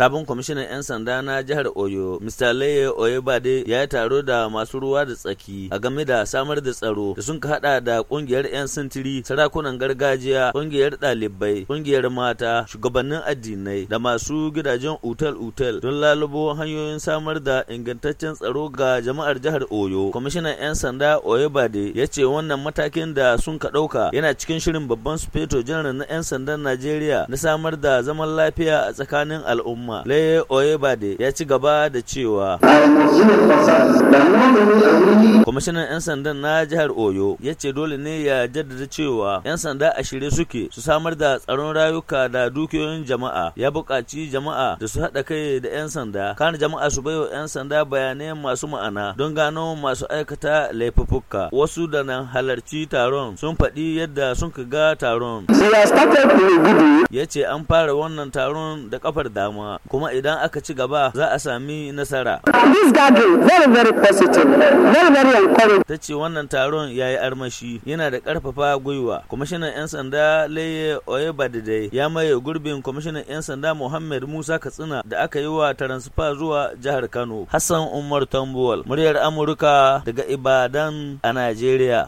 Sabon kwamishinan 'yan sanda na jihar Oyo, Mr. Leye Oyebade ya yi taro da masu ruwa da tsaki a game da samar da tsaro da sun haɗa da ƙungiyar 'yan sintiri, sarakunan gargajiya, ƙungiyar ɗalibai, ƙungiyar mata, shugabannin addinai da masu gidajen otal-otal, don lalubo hanyoyin samar da ingantaccen tsaro ga jama'ar jihar Oyo. Kwamishinan 'yan sanda Oyebade ya ce wannan matakin da sun ka ɗauka yana cikin shirin babban sufeto janar na 'yan sandan Najeriya na samar da zaman lafiya a tsakanin al'umma. al'umma laye oyebade ya ci gaba da cewa kwamishinan 'yan sandan na jihar oyo ya ce dole ne ya jaddada cewa 'yan sanda a shirye suke su samar da tsaron rayuka da dukiyoyin jama'a ya buƙaci jama'a da su haɗa kai da 'yan sanda kan jama'a su baiwa 'yan sanda bayanai masu ma'ana don gano masu aikata laifuffuka wasu da nan halarci taron sun faɗi yadda sun ka ga taron ya ce an fara wannan taron da kafar dama kuma idan aka ci gaba za a sami nasara. Ta ce wannan taron ya yi armashi yana da karfafa gwiwa. Kwamishinan 'yan sanda Leye Oyebadidai ya maye gurbin kwamishinan 'yan sanda Muhammad Musa Katsina da aka yi wa taransifa zuwa jihar Kano. Hassan Umar Tambuwal, muryar Amurka daga Ibadan a Najeriya.